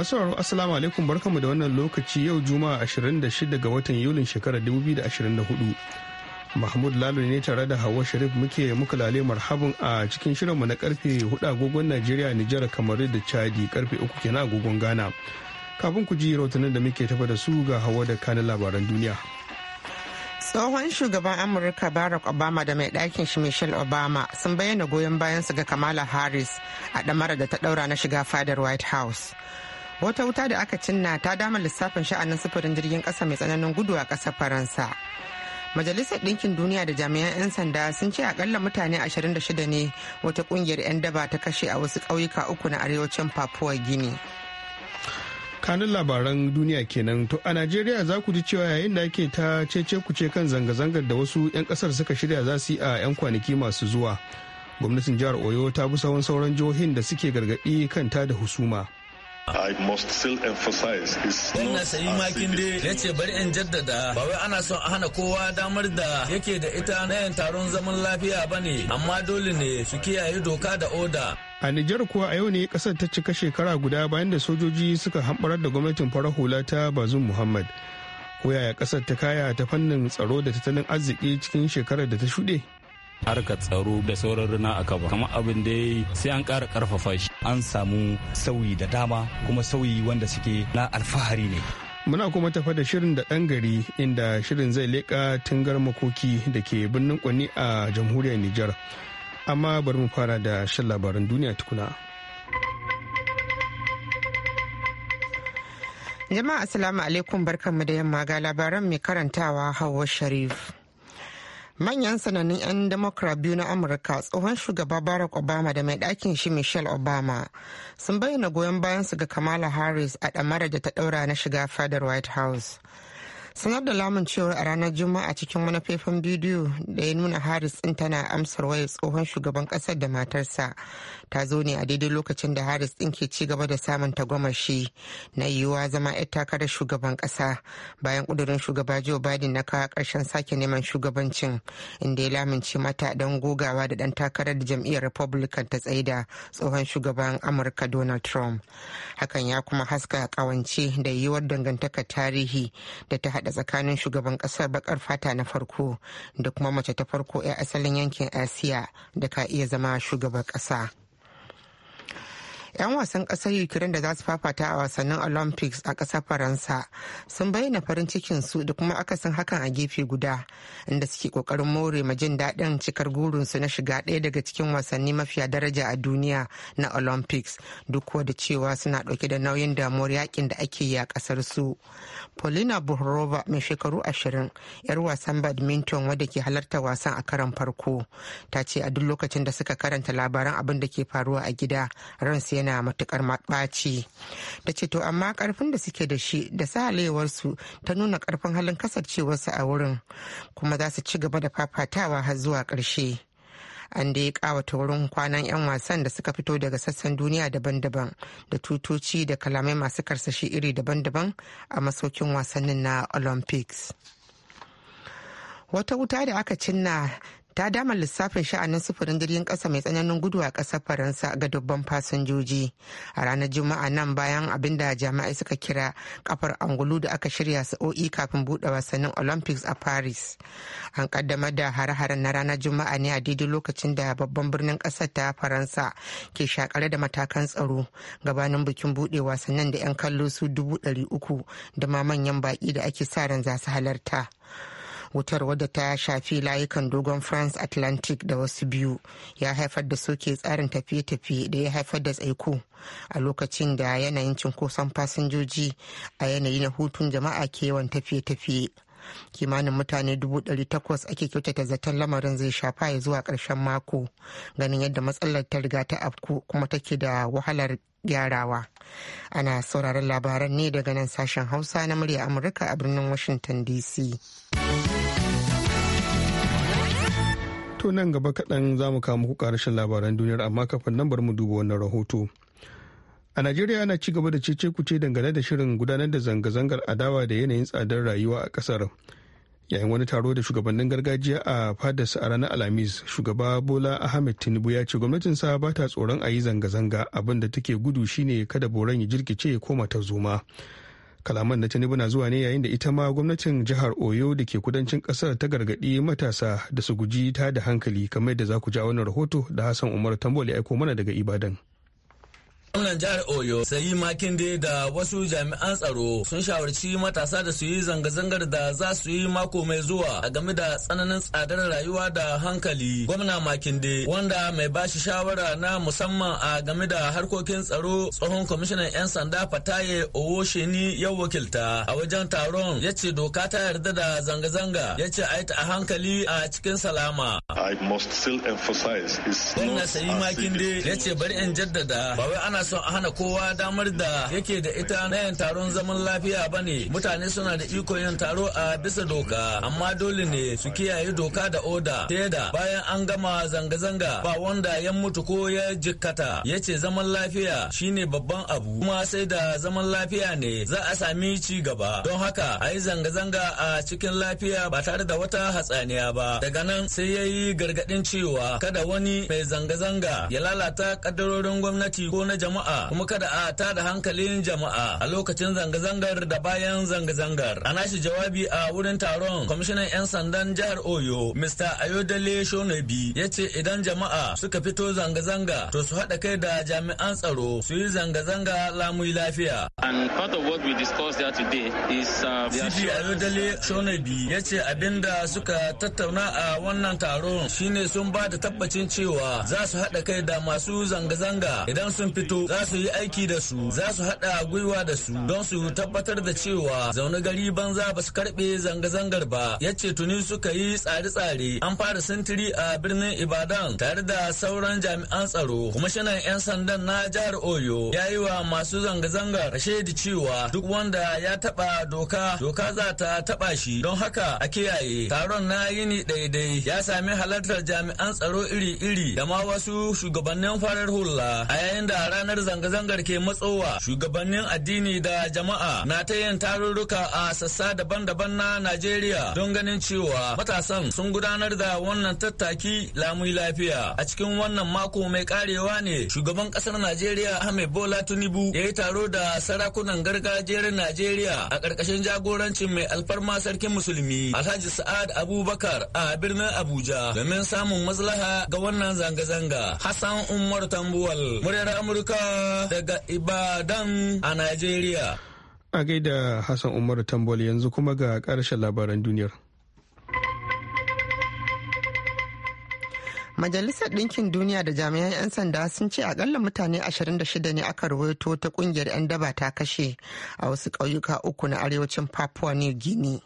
masu sauraro assalamu alaikum barkamu da wannan lokaci yau juma'a 26 ga watan yulin shekarar 2024 mahmud lalo ne tare da hawa sharif muke muka lale marhabin a cikin shirinmu na karfe 4 agogon najeriya nijar kamaru da chadi karfe 3 kenan agogon ghana kafin ku ji rahotannin da muke tafa da su ga hawa da kanin labaran duniya tsohon shugaban amurka barack obama da mai ɗakin shi michelle obama sun bayyana goyon bayansu ga kamala harris a ɗamara da ta ɗaura na shiga fadar white house wata wuta da aka cinna ta dama lissafin sha'anin sufurin jirgin kasa mai tsananin gudu a kasar faransa majalisar ɗinkin duniya da jami'an 'yan sanda sun ce akalla mutane 26 ne wata ƙungiyar 'yan daba ta kashe a wasu ƙauyuka uku na arewacin papua gini. kanun labaran duniya kenan to a najeriya za ku ji cewa yayin da ake ta cece kuce kan zanga-zangar da wasu 'yan kasar suka shirya za su yi a 'yan kwanaki masu zuwa gwamnatin jihar oyo ta bi sauran sauran jihohin da suke gargaɗi kanta da husuma I must still emphasize is Gwamna Sayi Makinde ya ce bari in jaddada ba wai ana son a hana kowa damar da yake da ita na yin taron zaman lafiya ba ne amma dole ne su kiyaye doka da oda. A Nijar kuwa a yau ne kasar ta cika shekara guda bayan da sojoji suka hamɓarar da gwamnatin farar hula ta Bazum Muhammad. Koyaya kasar ta kaya ta fannin tsaro da tattalin arziki cikin shekarar da ta shuɗe? harkar tsaro da sauran runa a kaba kamar abin da ya sai an ƙara ƙarfafa shi an samu sauyi da dama kuma sauyi wanda suke na alfahari ne muna kuma tafa da shirin da ɗan gari inda shirin zai leƙa tungar makoki da ke birnin kwanni a jamhuriyar nijar amma bari mu fara da shan labaran duniya tukuna jama'a assalamu alaikum barkanmu da yamma ga labaran mai karantawa Hauwa sharif manyan sanannun 'yan demokra biyu na amurka tsohon shugaba barack obama da mai ɗakin shi michelle obama sun bayyana goyon bayansu ga kamala harris a ɗamarar da ta ɗaura na shiga fadar white house sanar da lamun cewar a ranar juma'a cikin wani faifan bidiyo da ya nuna harris din tana amsar waya tsohon shugaban ƙasar da matarsa ta zo ne a daidai lokacin da harris din ke ci gaba da samun tagomashi na yiwuwa zama 'yar takarar shugaban kasa bayan kudurin shugaba joe biden na kawo karshen sake neman shugabancin inda ya lamince mata don gogawa da dan takarar da jam'iyyar republican ta tsaida tsohon shugaban amurka donald trump hakan ya kuma haska kawance da yiwuwar dangantaka tarihi da ta hada tsakanin shugaban kasar bakar fata na farko da kuma mace ta farko yar asalin yankin asiya da ka iya zama shugaban kasa 'yan wasan kasar ukraine da za su fafata a wasannin olympics a kasar faransa sun bayyana farin cikin su da kuma akasin hakan a gefe guda inda suke kokarin more ma jin daɗin cikar gurinsu na shiga ɗaya daga cikin wasanni mafiya daraja a duniya na olympics duk kuwa da cewa suna ɗauke da nauyin damuwar yakin da ake yi a kasar su paulina buhrova mai shekaru ashirin 'yar wasan badminton wadda ke halarta wasan a karan farko ta ce a duk lokacin da suka karanta labaran abin da ke faruwa a gida ran ransu yana matukar ɓaci ta ce to amma karfin da suke da shi da sahalewarsu ta nuna karfin halin kasancewarsu a wurin kuma za su ci gaba da fafatawa har zuwa ƙarshe. an da ya kawata wurin kwanan 'yan wasan da suka fito daga sassan duniya daban-daban da tutoci da kalamai masu karsashi iri daban-daban a masaukin wasannin na olympics wata wuta da aka cinna ta dama lissafin sha'anin sufurin jirgin kasa mai tsananin gudu a ƙasar faransa ga dubban fasinjoji a ranar juma'a nan bayan abinda da jami'ai suka kira kafar angulu da aka shirya sa'o'i kafin buɗe wasannin olympics a paris an kaddamar da hare-haren na ranar juma'a ne a daidai lokacin da babban birnin ƙasar ta faransa ke shakare da matakan tsaro gabanin bikin buɗe wasannin da 'yan kallo su dubu ɗari uku da ma manyan baƙi da ake sa ran za su halarta. wutar wadda ta shafi layukan dogon france atlantic da wasu biyu ya haifar da soke tsarin tafiye-tafiye da ya haifar da tsaiko a lokacin da yanayin cinkoson fasinjoji a yanayi na hutun jama'a ke yawan tafiye-tafiye kimanin mutane 800 ake kyautata zaton lamarin zai shafa ya zuwa karshen mako ganin yadda matsalar ta riga ta afku kuma take da wahalar gyarawa ana sauraron labaran ne daga nan sashen hausa na murya amurka a birnin washington dc To nan gaba kaɗan za mu kawo muku ƙarashin labaran duniyar amma kafin nan bari mu duba wannan rahoto. A Najeriya ana ci gaba da cece kuce dangane da shirin gudanar da zanga-zangar adawa da yanayin tsadar rayuwa a ƙasar. Yayin wani taro da shugabannin gargajiya a fadas a ranar Alhamis, shugaba Bola Ahmed Tinubu ya ce gwamnatinsa ba ta tsoron a yi zanga-zanga abinda take gudu shine kada boran ya jirkice ko koma ta kalaman na tinubu na zuwa ne yayin da ita ma gwamnatin jihar oyo da ke kudancin kasar ta gargaɗi matasa da su guji ta da hankali kamar yadda za ku ja wannan rahoto da hassan umar ya aiko mana daga ibadan Gwamnan jihar Oyo sayi makinde da wasu jami'an tsaro sun shawarci matasa da su yi zanga-zangar da za su yi mako mai zuwa a game da tsananin tsadar rayuwa da hankali. Gwamna makinde wanda mai bashi shawara na musamman a game da harkokin tsaro tsohon kwamishinan 'yan sanda Fataye Owosheni ya wakilta a wajen taron ya ce doka ta yarda da zanga-zanga ya ce a a hankali a cikin salama. I must still Gwamna sayi makinde ya ce bari in jaddada ba ana ana son a hana kowa damar da yake da ita na yin taron zaman lafiya ba ne mutane suna da iko yin taro a bisa doka amma dole ne su kiyaye doka da oda ta da bayan an gama zanga-zanga ba wanda ya mutu ko ya jikkata ya ce zaman lafiya shine babban abu kuma sai da zaman lafiya ne za a sami ci gaba don haka a yi zanga-zanga a cikin lafiya ba tare da wata hatsaniya ba daga nan sai ya yi gargaɗin cewa kada wani mai zanga-zanga ya lalata ƙaddarorin gwamnati ko na jama'a jama'a kuma kada a ta da hankalin jama'a a lokacin zanga-zangar da bayan zanga-zangar. A nashi jawabi a wurin taron kwamishinan 'yan sandan jihar Oyo Mr. Ayodele Shonebi ya ce idan jama'a suka fito zanga-zanga to su haɗa kai da jami'an tsaro su yi zanga-zanga lamuyi lafiya. Uh, ya ce abin da suka tattauna a wannan taron shine sun ba da tabbacin cewa za su haɗa kai da masu zanga-zanga idan sun fito za su yi aiki da su za su haɗa gwiwa da su don su tabbatar da cewa zaune gari banza ba su karɓe zanga-zangar ba ya ce tuni suka yi tsare-tsare an fara sintiri a birnin ibadan tare da sauran jami'an tsaro kwamishinan 'yan sandan na jihar oyo ya yi wa masu zanga-zangar shaidi cewa duk wanda ya taɓa doka doka za ta taɓa shi don haka a kiyaye taron na yini daidai ya sami halartar jami'an tsaro iri-iri da ma wasu shugabannin farar hula a yayin da ranar ranar zanga-zangar ke matsowa shugabannin addini da jama'a na ta yin tarurruka a sassa daban-daban na Najeriya don ganin cewa matasan sun gudanar da wannan tattaki lamuyi lafiya. A cikin wannan mako mai karewa ne shugaban kasar Najeriya Ahmed Bola Tinubu ya yi taro da sarakunan gargajiyar Najeriya a ƙarƙashin jagorancin mai alfarma sarkin musulmi Alhaji Sa'ad Abubakar a birnin Abuja domin samun maslaha ga wannan zanga-zanga. Hassan Umar Tambuwal, muryar Amurka daga Ibadan a Najeriya. A gaida Hassan Umaru Tambol yanzu kuma ga karshen labaran duniyar. Majalisar Ɗinkin Duniya da jami'an 'yan sanda sun ce akalla mutane 26 ne aka rawaito ta ƙungiyar 'yan daba ta kashe a wasu ƙauyuka uku na arewacin Papua New Guinea.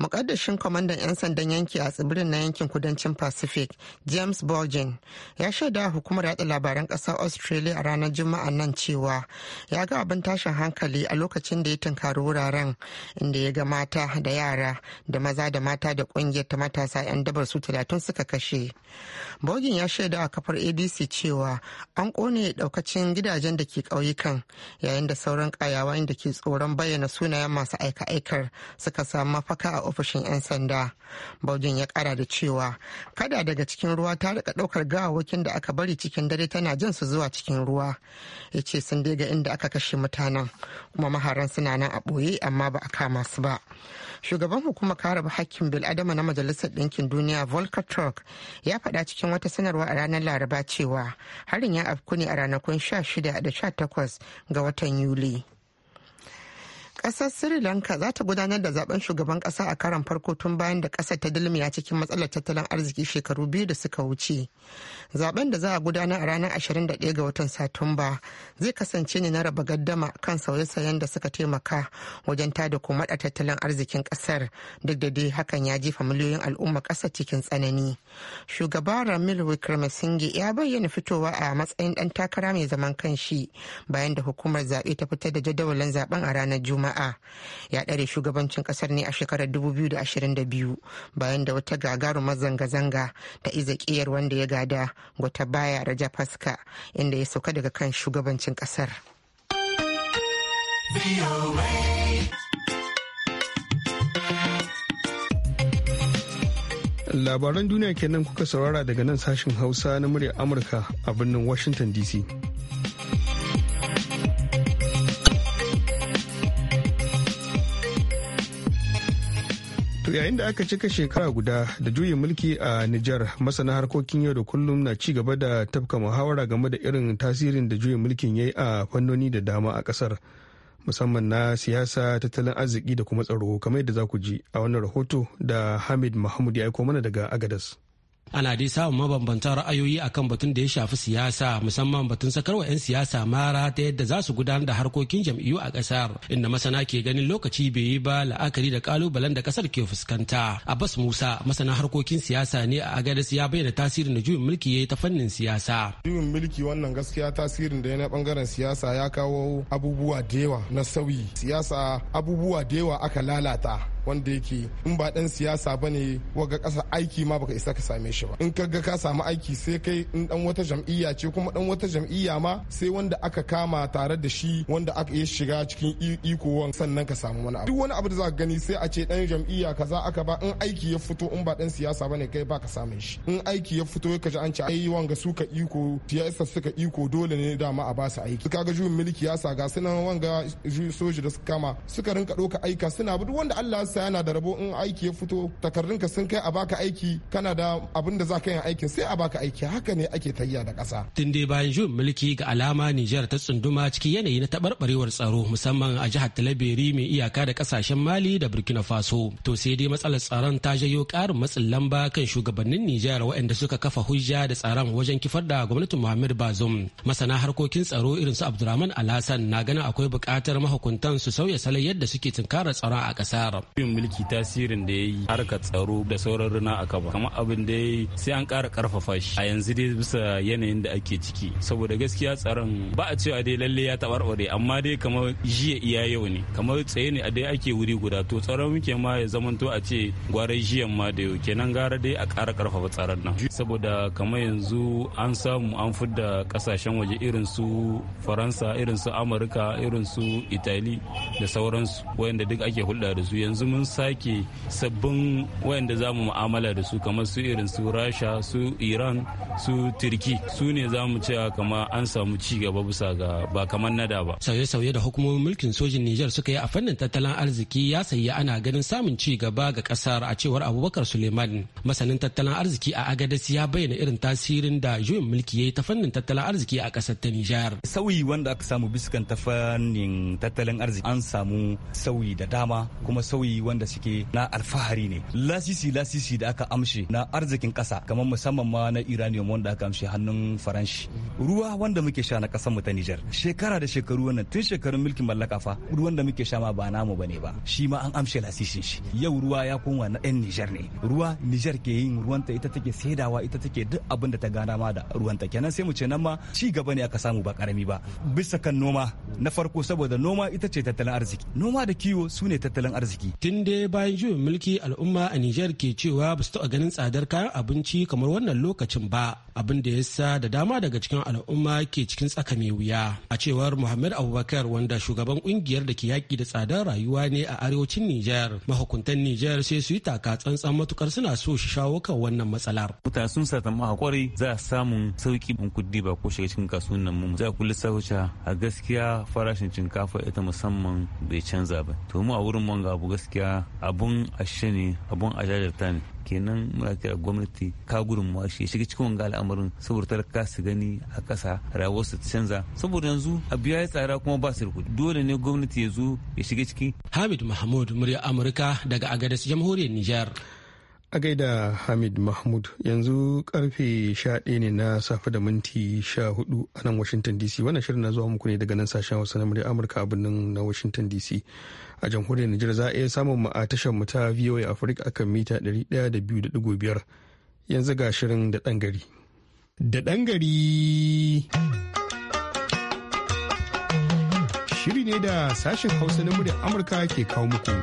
mukaddashin kwamandan 'yan sandan yanki a tsibirin na yankin kudancin pacific james Bolgin, ya shaida hukumar yada labaran ƙasar australia a ranar juma'a nan cewa ya ga abin tashin hankali a lokacin da ya tunkari wuraren inda ya ga mata da yara da maza da mata da kungiyar ta matasa 'yan dabar su talatin suka kashe Bolgin ya shaida a kafar abc cewa an kone daukacin gidajen da ke ƙauyukan yayin da sauran kayawa da ke tsoron bayyana sunayen masu aika-aikar suka samu mafaka a ofishin 'yan sanda baujin ya kara da cewa kada daga cikin ruwa ta rika daukar gawawakin da aka bari cikin dare tana jin su zuwa cikin ruwa ya ce sun dai inda aka kashe mutanen kuma maharan suna nan a boye amma ba a kama su ba shugaban hukumar kare hakkin bil'adama na majalisar ɗinkin duniya volker turk ya faɗa cikin wata sanarwa a ranar laraba cewa harin ya afku ne a ranakun 16 da 18 ga watan yuli Ƙasar Sri Lanka za ta gudanar da zaben shugaban kasa a karan farko tun bayan da kasar ta dilmiya cikin matsalar tattalin arziki shekaru biyu da suka wuce. Zaben da za a gudanar a ranar 21 ga watan Satumba zai kasance ne na raba gaddama kan sauye-sauyen da suka taimaka wajen tada kuma da tattalin arzikin kasar duk da dai hakan ya jefa miliyoyin al'umma kasa cikin tsanani. Shugaba Ramil wikramasinghe ya bayyana fitowa a matsayin ɗan takara mai zaman kanshi bayan da hukumar zaɓe ta fitar da jadawalin zaben a ranar Juma'a. jama'a ya ɗare shugabancin ƙasar ne a shekarar 2022 bayan da wata gagarumar zanga-zanga ta iza ƙiyar wanda ya gada baya raja faska inda ya sauka daga kan shugabancin ƙasar. Labaran duniya kenan kuka saurara daga nan sashin Hausa na murya Amurka a birnin Washington DC. yayin da aka cika shekara guda da juyin mulki a Nijar masana harkokin yau da kullum na ci gaba da tafka muhawara game da irin tasirin da juyin mulkin ya yi a fannoni da dama a kasar musamman na siyasa tattalin arziki da kuma tsaro kamar yadda za ku ji a wannan rahoto da Hamid Mahmud ya aiko mana daga Agadas. ana dai samun mabambantan ra'ayoyi akan batun da ya shafi siyasa musamman batun sakarwa 'yan siyasa mara ta yadda za su gudanar da harkokin jam'iyyu a kasar inda masana ke ganin lokaci bai yi ba la'akari da kalubalen da kasar ke fuskanta abbas musa masana harkokin siyasa ne a agadis ya bayyana tasirin da juyin mulki ya yi ta fannin siyasa juyin mulki wannan gaskiya tasirin da ya na bangaren siyasa ya kawo abubuwa da yawa na sauyi siyasa abubuwa da yawa aka lalata wanda yake in ba dan siyasa bane waga kasa aiki ma baka isa ka same shi ba in ka ga ka samu aiki sai kai in dan wata jam'iyya ce kuma dan wata jam'iyya ma sai wanda aka kama tare da shi wanda aka yi shiga cikin iko sannan ka samu wani abu duk wani abu da za ka gani sai a ce dan jam'iyya kaza aka ba in aiki ya fito in ba dan siyasa bane kai baka samun shi in aiki ya fito ka ji an ce ai wanga suka iko siyasa suka iko dole ne dama a ba su aiki kaga juyin mulki ya saga sunan wanga soji da suka kama suka rinka doka aika suna duk wanda Allah sa yana da rabo in aiki ya fito takardunka sun kai a baka aiki kana da abin da za yi aikin sai a baka aiki haka ne ake tayya da ƙasa. Tun dai bayan jun mulki ga alama Nijar ta tsunduma cikin yanayi na tabarbarewar tsaro musamman a jihar Talabiri mai iyaka da ƙasashen Mali da Burkina Faso. To sai dai matsalar tsaron ta jayo karin matsin lamba kan shugabannin Nijar waɗanda suka kafa hujja da tsaron wajen kifar da gwamnatin Muhammad Bazum. Masana harkokin tsaro irin su Abdulrahman Alhassan na ganin akwai buƙatar mahukuntan su sauya salon yadda suke tunkarar tsaron a ƙasar. yin mulki tasirin da ya yi harkar tsaro da sauran runa a kaba kamar abin da ya yi sai an kara karfafa shi a yanzu dai bisa yanayin da ake ciki saboda gaskiya tsaron ba a cewa dai lalle ya tabarbare amma dai kamar jiya iya yau ne kamar tsaye ne a dai ake wuri guda to tsaron muke ma ya to a ce gwarai jiyan ma da yau kenan gara dai a kara karfafa tsaron nan saboda kamar yanzu an samu an fidda kasashen waje irin su faransa irin su amurka irin su itali da sauransu wayanda duk ake hulɗa da su yanzu mun sake sabbin wayanda za mu mu'amala da su kamar su irin su rasha su iran su turki su ne za mu cewa kama an samu ci gaba bisa ga ba kamar nada ba sauye-sauye da hukumomin mulkin sojin nijar suka yi a fannin tattalin arziki ya sayi ana ganin samun ci gaba ga kasar a cewar abubakar suleiman masanin tattalin arziki a agadas ya bayyana irin tasirin da juyin mulki ya yi ta fannin tattalin arziki a kasar ta niger sauyi wanda aka samu biskan ta fannin tattalin arziki an samu sauyi da dama kuma sauyi wanda suke na alfahari ne lasisi lasisi da aka amshe na arzikin kasa kamar musamman ma na iranium wanda aka amshe hannun faranshi ruwa wanda muke sha na kasar mu ta nijar shekara da shekaru wannan tun shekarun mulkin mallaka fa ruwan da muke sha ma ba namu bane ba shi ma an amshe lasisin shi yau ruwa ya koma na yan nijar ne ruwa nijar ke yin ruwan ta ita take saidawa ita take duk abin da ta gana ma da ta kenan sai mu ce nan ma ci gaba ne aka samu ba karami ba bisa kan noma na farko saboda noma ita ce tattalin arziki noma da kiwo su ne tattalin arziki in dai bayan juyin mulki al'umma a Nijar ke cewa ba su taɓa ganin tsadar kayan abinci kamar wannan lokacin ba abin da ya sa da dama daga cikin al'umma ke cikin tsaka mai wuya a cewar Muhammad Abubakar wanda shugaban kungiyar da ke yaƙi da tsadar rayuwa ne a arewacin Nijar mahukuntan Nijar sai su yi taka tsantsan matukar suna so shi shawo kan wannan matsalar. Mutane sun sa tamma hakwari za a samu sauki in kuddi ba ko shiga cikin kasuwannin mu za ku lissafa a gaskiya farashin shinkafa ita musamman bai canza ba to mu a wurin mu abu gaskiya shiga abun ashe ne abun ajajarta ne kenan muna kira gwamnati ka gudunmawa ya shiga cikin wanga al'amarin saboda ka su gani a kasa rayuwar su canza saboda yanzu a biya ya tsara kuma ba su rikudi dole ne gwamnati ya zo ya shiga ciki hamid mahmud murya amurka daga agadas jamhuriyar nijar a gaida hamid mahmud yanzu karfe 11 ne na safe da minti 14 a nan washington dc wannan shirin na zuwa muku ne daga nan sashen wasu na murya amurka a birnin na washington dc a jamhuriyar Nijar za a iya samun mu tashar mu ta VOA Africa akan mita 102.5 yanzu ga shirin da ɗan gari. Da ɗan gari shiri ne da sashen hausa na muryar Amurka ke kawo muku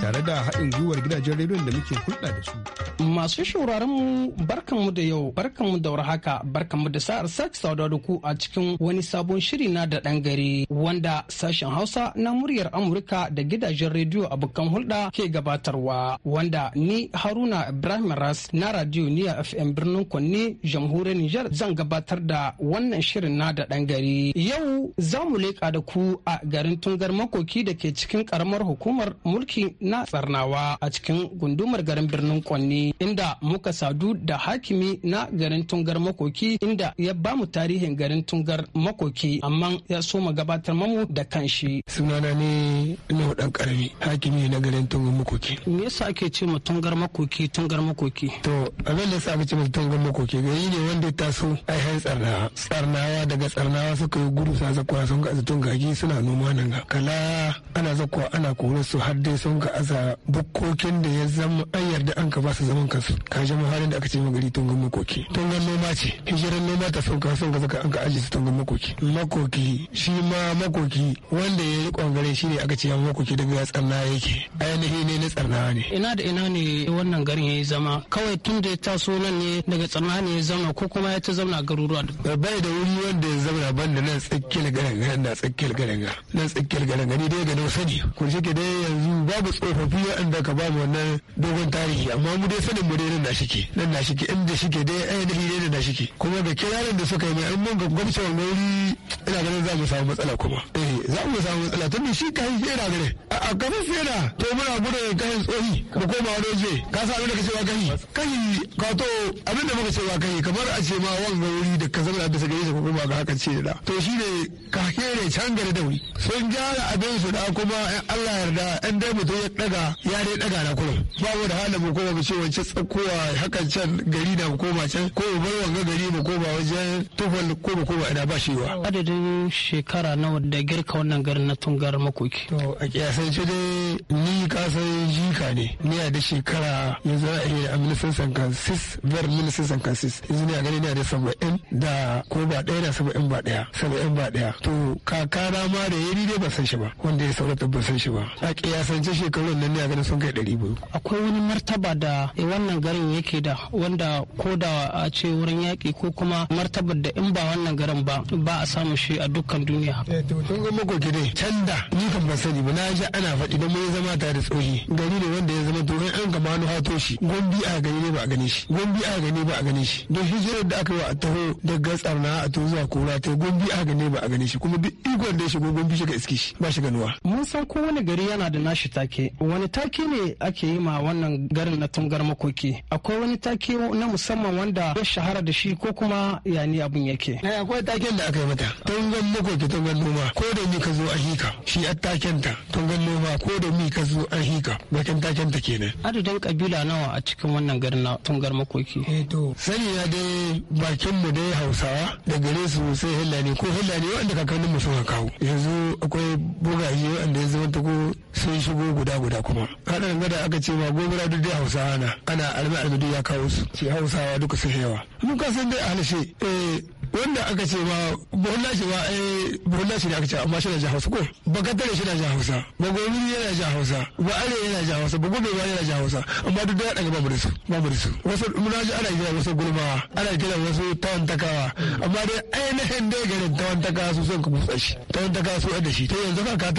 tare da haɗin gwiwar gidajen rediyon da muke hulɗa da su. Masu shauraron mu barkan mu da yau barkan mu da warhaka barkan mu da sa'ar sake sauda da ku a cikin wani sabon shiri na da ɗan gari wanda sashen Hausa na muryar Amurka da gidajen rediyo a abokan hulɗa ke gabatarwa wanda ni Haruna Ibrahim Ras na Radio Niya FM birnin Kwanne jamhuriyar Nijar zan gabatar da wannan shirin na da ɗan gari. Yau za mu leƙa da ku a garin Tungar Makoki da ke cikin karamar hukumar mulki na Tsarnawa a cikin gundumar garin birnin Kwanne. inda muka sadu da hakimi na garin Tungar Makoki inda ya ba mu tarihin garin Tungar Makoki amma ya so mu gabatar mamu da kanshi. Sunana ne ina dan karami hakimi na garin Tungar Makoki. Me yasa ake ce mu Tungar Makoki Tungar Makoki? To abin da yasa ake ce mu Tungar Makoki gari ne wanda ya taso ainihin tsarnawa. Tsarnawa daga tsarnawa suka yi gudu sa zakwa sun ga tungagi suna noma nan ga. Kala ana zakwa ana kore su har dai sun ga aza bukkokin da ya zama an yarda an ka ba su zama zaman kansu ka ji halin da aka ce magari tungan makoki tungan noma ce hijiran noma ta sauka sun ka an ka aji su tungan makoki makoki shi ma makoki wanda ya yi kwangare shi ne aka ce yan makoki daga tsarna yake ainihi ne na tsarna ne ina da ina ne wannan garin ya yi zama kawai tun da ya taso nan ne daga tsarna ne ya zama ko kuma ya ta zauna garuruwa eh, bai da wuri wanda ya zauna ban da nan tsakiyar garin garin na tsakiyar garin garin nan tsakiyar garin ni dai ga nausa ne kun shi ke dai yanzu babu tsofaffi da ka ba mu wannan dogon tarihi amma mu dai sanin mu dai nan na shike nan na shike inda shike dai ai da hire da na shike kuma da kirarin da suka yi mai an mun ga gwamnati wannan wuri ina ganin za mu samu matsala kuma eh za mu samu matsala tun da shi kai fera gare a kafin fera to muna gudu gudun kai tsohi mu koma wani waje ka sa abin da kace wa kai kai ka to abin da muka ce wa kai kamar a ce ma wan wuri da ka zama da sagare ko kuma ga haka ce da to shi ne ka kere can gare da wuri sun gyara abin su da kuma in Allah yarda in dai mutum ya daga ya dai daga na kullum babu da halin mu kuma mu ce wa ci tsakowa haka can gari na koma can ko bar wanga gari ko ba wajen tufan ko ba ko ba ina ba shi wa. Adadin shekara nawa da girka wannan garin na tungar makoki. To a kiyasance dai ni kasan jika ne ni a da shekara yanzu a yi amilisan milisan kan sis ver milisan kan sis yanzu ne a gani ne a da saba'in da ko ba ɗaya da saba'in ba ɗaya saba'in ba ɗaya. To kakana ma da yari dai ba san shi ba wanda ya saurata ba san shi ba. A kiyasance shekarun nan ne a gani sun kai ɗari biyu. Akwai wani martaba da wannan garin yake da wanda ko da a ce wurin yaƙi ko kuma martabar da in ba wannan garin ba ba a samu shi a dukkan duniya. Eh, to tun ga makoki dai can da ni kan ban sani ba na ji ana faɗi don mun zama tare da tsohi gari ne wanda ya zama domin an gama hannu hato shi gombi a gani ne ba a gane shi gombi a gani ba a gane shi don hijirar da aka yi wa a taho daga tsarna a to zuwa kura ta gombi a gani ba a gane shi kuma duk igon da ya shigo gombi shi ka iske shi ba shi ganuwa. mun san kowane gari yana da nashi take wani take ne ake yi ma wannan garin na tungar makoki akwai wani take na musamman wanda ya shahara da shi ko kuma ya ni abun yake eh, akwai taken da aka yi mata tungan makoki tungan noma ko da mi ka zo a hika shi a taken ta tungan noma ko da mi ka zo a hika bakin taken ta kenan adadin kabila nawa a cikin wannan garin na tungar makoki eh to sani ya dai bakin mu dai hausawa da gare su sai hillani ko hillani wanda kakannin mu suka kawo yanzu akwai bugaye wanda ya zama ta ko sun shigo guda guda kuma kana ganga da aka ce ma gobara duk dai hausawa na ana almi duk ya kawo su ce hausawa duka sun yawa mun dai a halashe eh wanda aka ce ba buhulla shi ba eh buhulla shi ne aka ce amma shi na jahausa hausa ko ba katare shi na jahausa hausa ba gobe yana ja hausa ba are yana ja hausa ba gobe ba yana ja hausa amma duk da daga babu risu su babu su wasu muna ji ana gina wasu gurma ana gina wasu tawan takawa amma dai ainihin dai garin tawan takawa su sun kuma shi tawan takawa su da shi to yanzu ka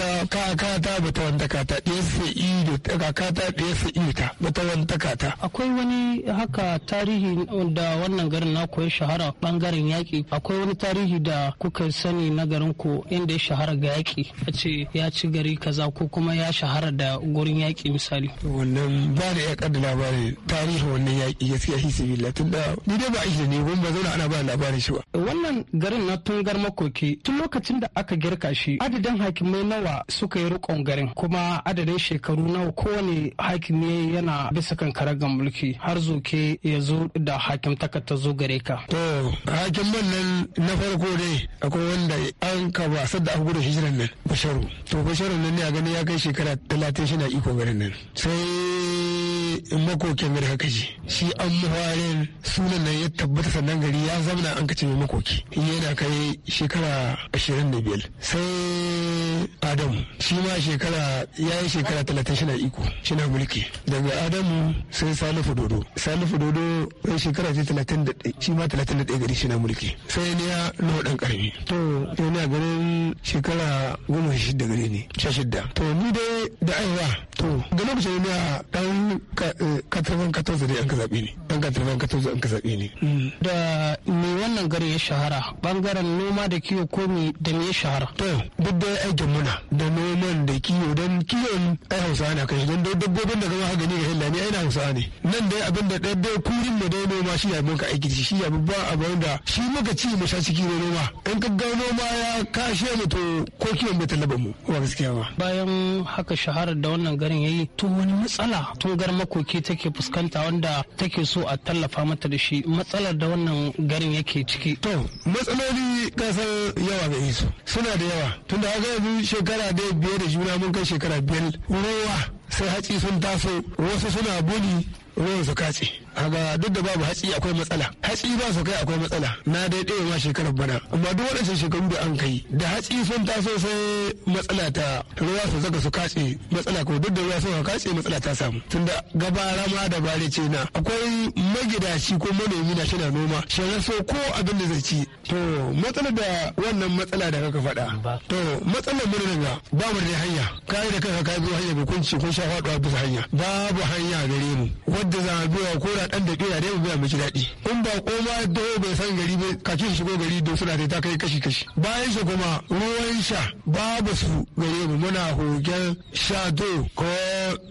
kata ba tawan takata ɗaya su ka kata ɗaya su yi ta ba tawan takata akwai wani haka tarihi da wannan garin na koyi shahara bangaren yaƙi misali akwai wani tarihi da kuka sani na garin ku inda ya shahara ga yaƙi a ce ya ci gari kaza ko kuma ya shahara da gurin yaƙi misali. wannan ba da ya kaddara labarin tarihi wannan yaƙi siya hisi sibila tun da ni dai ba aiki ne ban ba zauna ana ba labarin shi ba. wannan garin na tungar makoki tun lokacin da aka girka shi adadin hakimai nawa suka yi rikon garin kuma adadin shekaru nawa kowane hakimi yana bisa kan karagan mulki har zuke ya zo da hakim ta zo gare ka. to hakim nan na farko ne akwai wanda an ka ba sadda aka gudu hijiran nan basharu to basharu nan ne a gani ya kai shekara talatin shi na iko garin nan sai makokin gari haka ji shi an muhawarin sunan nan ya tabbata sannan gari ya zamana an kace mai makoki yana kai shekara ashirin biyar sai adamu shi ma shekara ya yi shekara talatin shi na iko shi na mulki daga adamu sai salifu dodo salifu dodo sai shekara ce talatin shi ma talatin gari shi na mulki sai ne ya nuhu ɗan ƙarfi to yana ganin shekara 16 gari ne 16 to ni dai da aiwa to ga lokacin ne a ka. katarban katarza da ka zaɓi ne ɗan katarban an ka zaɓi ne. da me wannan gari ya shahara bangaren noma da kiwo ko me da me ya shahara. to duk da aikin muna da noman da kiwo don kiwon ai hausa na kai don dabbobin da zama haka ne ga hillani ai na hausa ne nan dai abin da ɗaya da kurin mu dai noma shi ya ka aiki shi ya ba abin da shi muka ci mu sha ciki da noma in ka ga noma ya kashe mu to ko kiwon bai talaba mu ba gaskiya ba. bayan haka shahara da wannan garin ya yi to wani matsala tun garma koke take fuskanta wanda take so a tallafa mata da shi matsalar da wannan garin yake ciki to matsaloli kasar yawa ga isu suna da yawa tunda haka yanzu shekara da biyar da juna mun kai shekara biyar ruwa sai hatsi sun taso wasu suna buni ruwan su kace kaga duk da babu hatsi akwai matsala hatsi ba su kai akwai matsala na dai ɗaya ma shekarar bana amma duk waɗancan shekaru da an kai da hatsi sun taso sai matsala ta ruwa su zaga su kace matsala ko duk da ruwa sun kace matsala ta samu tunda gabara ma da bare ce na akwai magidaci ko manomi na shina noma shin so ko abin da zai ci to matsalar da wannan matsala da kaka fada to matsalar mu ga ba mu da hanya kai da kanka kai biyo hanya ba kun ci kun sha faɗuwa bisa hanya babu hanya gare mu wanda za a biyo ko muna dan da kira dai mu ga miki daɗi in ba koma da bai san gari ba kafin shigo gari don suna ta kai kashi kashi bayan shi kuma ruwan sha babu su gare mu muna hogen shado ko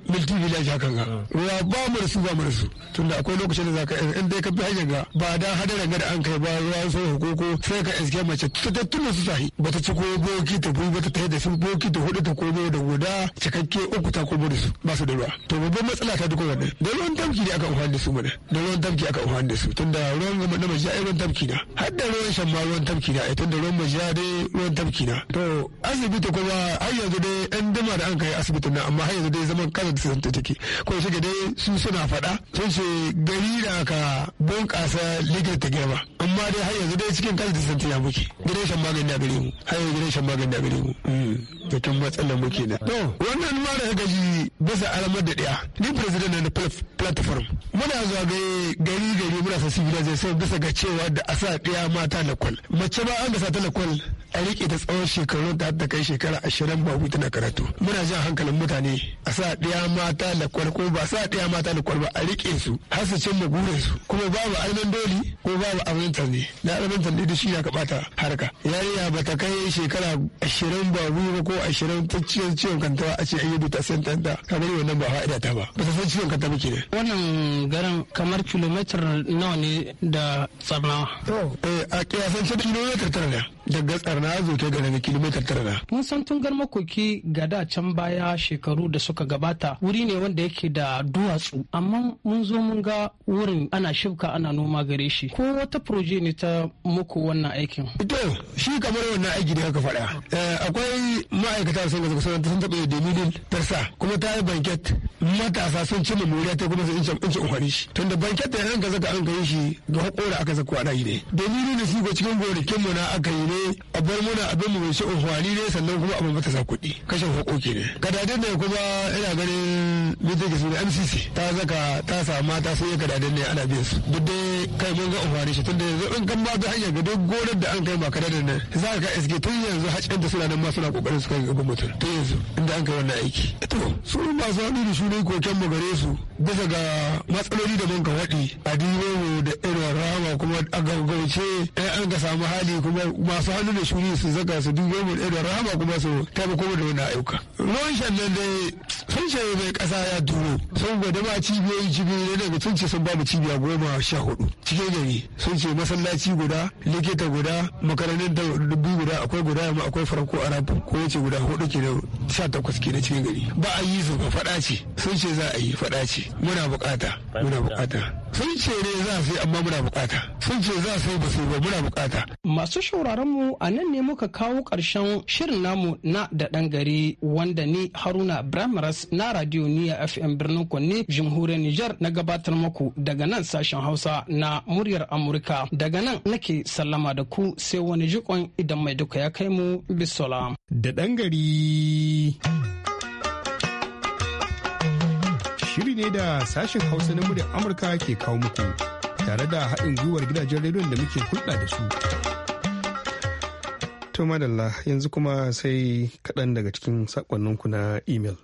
multi village hakan ga ruwa ba mu su ba mu su tunda akwai lokacin da zaka in dai ka bi hanyar ga ba da hadarin ga da an kai ba ruwa sai hukoko sai ka iske mace ta tuna su sahi bata ci ko boki ta bu bata ta da sun boki ta hudu ta komo da guda cikakke uku ta komo da su ba su da ruwa to babban matsala ta duka wannan da ruwan tamki ne aka amfani da su mu da ruwan tafki aka amfani da su tun da ruwan gama na majiya ai ruwan tafki na har da ruwan shan ma ruwan tafki na tun da ruwan majiya dai ruwan tafki na to asibiti kuma har yanzu dai yan dama da an kai asibitin nan amma har yanzu dai zaman kasa da sun take ko shi ga dai su suna faɗa sun ce gari da ka bunƙasa ligar ta girma amma dai har yanzu dai cikin kasa da sun tana muke gidan shan magani da gare mu har yanzu gidan shan magani da gare mu mutum matsalar muke na to wannan mara gaji bisa alamar da ɗaya ni president na platform muna zagaye gari gari muna sassi zai sai bisa ga cewa da asa ɗaya mata lakwal mace ba an gasa ta lakwal a rike ta tsawon shekaru da ta kai shekara ashirin ba tana karatu muna jan hankalin mutane a sa ɗaya mata da ko ba sa ɗaya mata da ba a rike su har su cimma burin su kuma babu almin doli ko babu abin tarni na almin tarni da shi ya ka bata harka yarinya ba ta kai shekara ashirin ba ba ko ashirin ta ciwon ciwon kantawa a ce yi ta san tanta kamar wannan ba fa'ida ta ba ba ta san ciwon kanta muke ke wannan garin kamar kilomitar nawa ne da tsarnawa. Eh, a kiyasan cikin kilomitar tara daga tsarnawa na zo ke ga daga kilomita tara Mun san tungar makoki ga da can baya shekaru da suka gabata wuri ne wanda yake da duwatsu amma mun zo mun ga wurin ana shibka ana noma gare shi ko wata proje ne ta muku wannan aikin. to shi kamar wannan aiki ne haka faɗa. Eh, akwai ma'aikata sun gaza sun sun taɓa da milil tarsa kuma ta yi banket matasa sun cimma moriya ta kuma sun ci ukwari shi. Tunda banket da yanka zaka an kai shi ga hakora aka a ne. Dalilin da shi ga cikin gonakin mu na aka yi ne bar muna abin mu mai shi unhwani ne sannan kuma abin ba ta sa kuɗi kashe haƙoƙi ne gadadin ne kuma ina ganin mijin su da mcc ta zaka ta sama ta sai gadadin ne ana biyan su duk dai kai mun ga unhwani shi tunda yanzu in kan ba ta hanyar ga duk gonar da an kai ma kadadin nan za ka iske tun yanzu haƙin da suna nan ma suna kokarin su kai gaban mutum tun yanzu inda an kai wannan aiki to su masu haɗu da shunai koken mu gare su bisa ga matsaloli da mun ka faɗi a mu da irin rama kuma a gaggauce an ka samu hali kuma masu hannu da shuni kuri su zaka su duk yau da rahama kuma su taimako da wani ayyuka ruwan shan nan dai sun shaye mai kasa ya duro sun gwada ma cibiyoyi cibiyoyi ne daga sun ce sun ba mu cibiya goma sha hudu cikin gari sun ce masallaci guda likita guda makarantar da dubu guda akwai guda amma akwai farko arab ko wace guda hudu ke da sha takwas ke da cikin gari ba a yi su ba faɗa ce sun ce za a yi faɗa ce muna bukata muna bukata sun ce ne za su yi amma muna bukata sun ce za su yi basu ba muna bukata. masu shauraron mu a nan ne muka kawo ƙarshen shirin namu na da ɗan gari wanda ni haruna bramaras na radio niya fm birnin kwanne jamhuriyar niger na gabatar muku daga nan sashen hausa na muryar amurka daga nan nake sallama da ku sai wani jikon idan mai duka ya kai mu bisola. da ɗan gari. shiri ne da sashen hausa na muryar amurka ke kawo muku tare da haɗin gwiwar gidajen rediyon da muke hulɗa da su to madalla yanzu kuma sai kaɗan daga cikin sakonninku na imel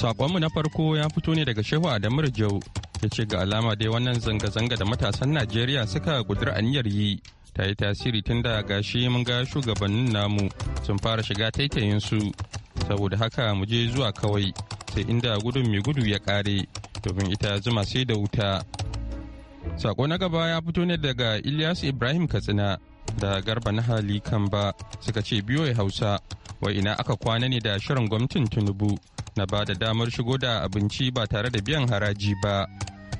sakonmu na farko ya fito ne daga shehu adamu jau ya ce ga alama dai wannan zanga-zanga da matasan najeriya suka gudura aniyar yi ta yi tasiri tun da gashi mun ga shugabannin namu sun fara shiga taitayinsu su saboda haka mu je zuwa kawai sai inda gudun mai gudu ya kare domin ita zuma sai da wuta sako na gaba ya fito ne daga ilyas ibrahim katsina da garba na hali kan ba suka ce biyo ya hausa wai ina aka kwana ne da shirin gwamnatin tinubu na ba da damar shigo da abinci ba tare da biyan haraji ba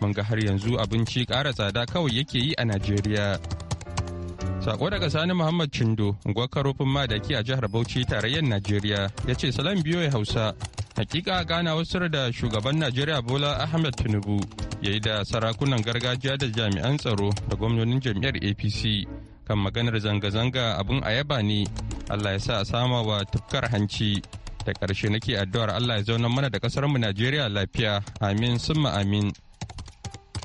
mun ga har yanzu abinci ƙara tsada kawai yake yi a najeriya Sako daga Sani Muhammad Chindo, ma da madaki a jihar Bauchi tarayyar Najeriya, ya ce salam biyo ya Hausa. Hakika gana wasu da shugaban Najeriya Bola Ahmed Tinubu ya yi da sarakunan gargajiya da jami'an tsaro da gwamnonin jami'ar APC kan maganar zanga-zanga abun a yaba ne. Allah ya sa a sama wa tufkar hanci. Da ƙarshe nake addu'ar Allah ya zauna mana da ƙasarmu Najeriya lafiya. Amin summa amin.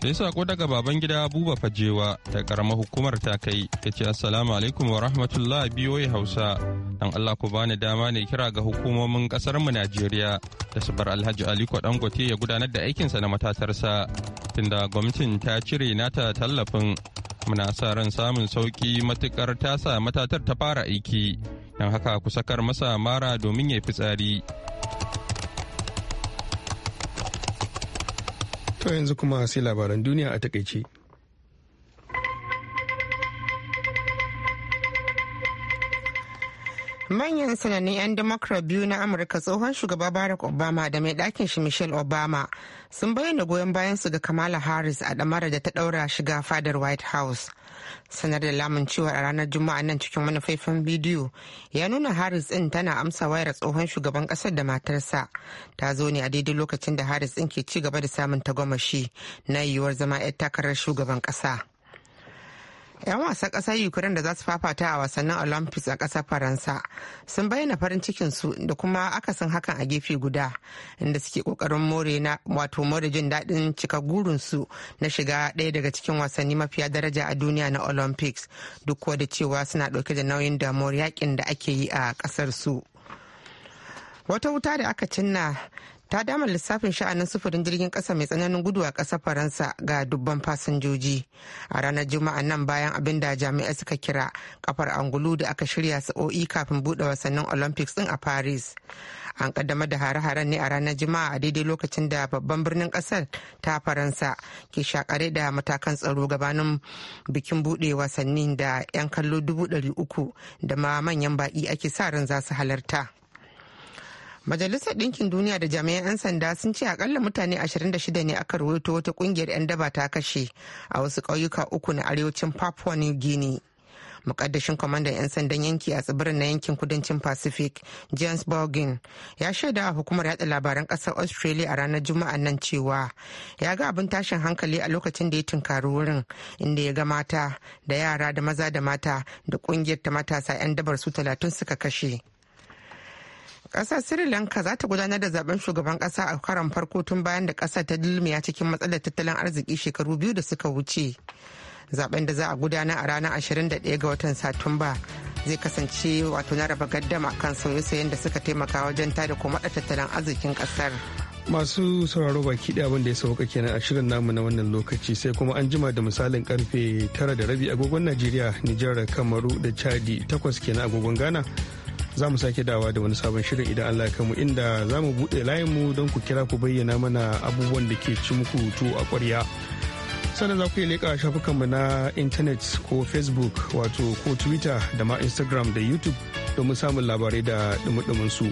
sai sako daga baban gida buba fajewa ta karamar hukumar ta kai ya ce assalamu alaikum wa rahmatullah biyoyi hausa dan allah ku bani dama ne kira ga hukumomin kasar mu najeriya da su bar alhaji aliko dangote ya gudanar da aikinsa na matatarsa tunda gwamnatin ta cire nata tallafin muna sa ran samun sauki matukar ta sa matatar ta fara aiki don haka ku sakar masa mara domin ya fitsari To yanzu kuma sai labaran duniya a takaice. manyan sanannun 'yan democrat biyu na amurka tsohon shugaba barack obama da mai ɗakin shi michelle obama sun bayyana goyon bayan su ga kamala harris a ɗamara da ta ɗaura shiga fadar white house sanar da lamun cewa a ranar juma'a nan cikin wani faifan bidiyo ya nuna harris din tana amsa wayar tsohon shugaban kasar da matarsa ta zo ne a daidai lokacin da harris din ke ci gaba da samun tagomashi na yiwuwar zama 'yar takarar shugaban kasa 'yan wasan ƙasar ukraine da za su fafata a wasannin olympics a ƙasar faransa sun bayyana farin cikinsu da kuma akasin hakan a gefe guda inda suke ƙoƙarin more na wato more jin daɗin cika gurinsu na shiga ɗaya daga cikin wasanni mafiya daraja a duniya na olympics duk da cewa suna ɗauke da nauyin damuwar yakin da ake yi a ƙasar su wata wuta da aka cinna ta dama lissafin sha'anin sufurin jirgin kasa mai tsananin gudu a kasar faransa ga dubban fasinjoji a ranar juma'a nan bayan abin da jami'ai suka kira kafar angulu da aka shirya sa'o'i kafin bude wasannin olympics din a paris an kaddamar da hare-haren ne a ranar juma'a a daidai lokacin da babban birnin kasar ta faransa ke shakare da matakan tsaro gabanin bikin bude wasannin da 'yan kallo dubu uku da ma manyan baki ake sa ran za su halarta. Majalisar Ɗinkin Duniya da jami'an 'yan sanda sun ce akalla mutane 26 ne aka ruwaito wata kungiyar 'yan daba ta kashe a wasu ƙauyuka uku na arewacin Papua New Guinea. mukaddashin kwamandan 'yan sandan yanki a tsibirin na yankin kudancin pacific james borgin ya shaida a hukumar yada labaran ƙasar australia a ranar juma'a nan cewa ya ga abin tashin hankali a lokacin da ya tunkari wurin inda ya ga mata da yara da maza da mata da kungiyar ta matasa 'yan dabar su talatin suka kashe Ƙasar Sri Lanka za ta gudanar da zaben shugaban kasa a karon farko tun bayan da kasa ta dilmiya cikin matsalar tattalin arziki shekaru biyu da suka wuce. Zaben da za a gudana a ranar 21 ga watan Satumba zai kasance wato na raba gaddama kan sauye-sauyen da suka taimaka wajen tada da tattalin arzikin kasar. masu sauraro baki da abin da ya sauka kenan a shirin namu na wannan lokaci sai kuma an jima da misalin karfe tara da rabi agogon najeriya nijar kamaru da chadi takwas kenan agogon ghana za mu sake dawa da wani sabon shirin idan Allah kamu inda za mu buɗe mu don ku kira ku bayyana mana abubuwan da ke ci muku to a ƙwarya. Sannan za ku iya leƙa shafukanmu na intanet ko Facebook wato ko Twitter da ma Instagram da YouTube domin samun labarai da ɗumuɗumin su.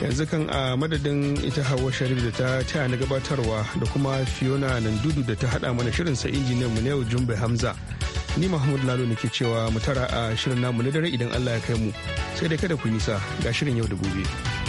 Yanzu kan a madadin ita Hauwa Sharif da ta taya na gabatarwa da kuma Fiona Nandudu da ta haɗa mana shirin sa injiniyan mu na yau Jumbe Hamza. ni mahmud lalo ne ke cewa mu tara a shirin namu na dare idan allah ya kai mu sai dai kada ku nisa ga shirin yau da gobe.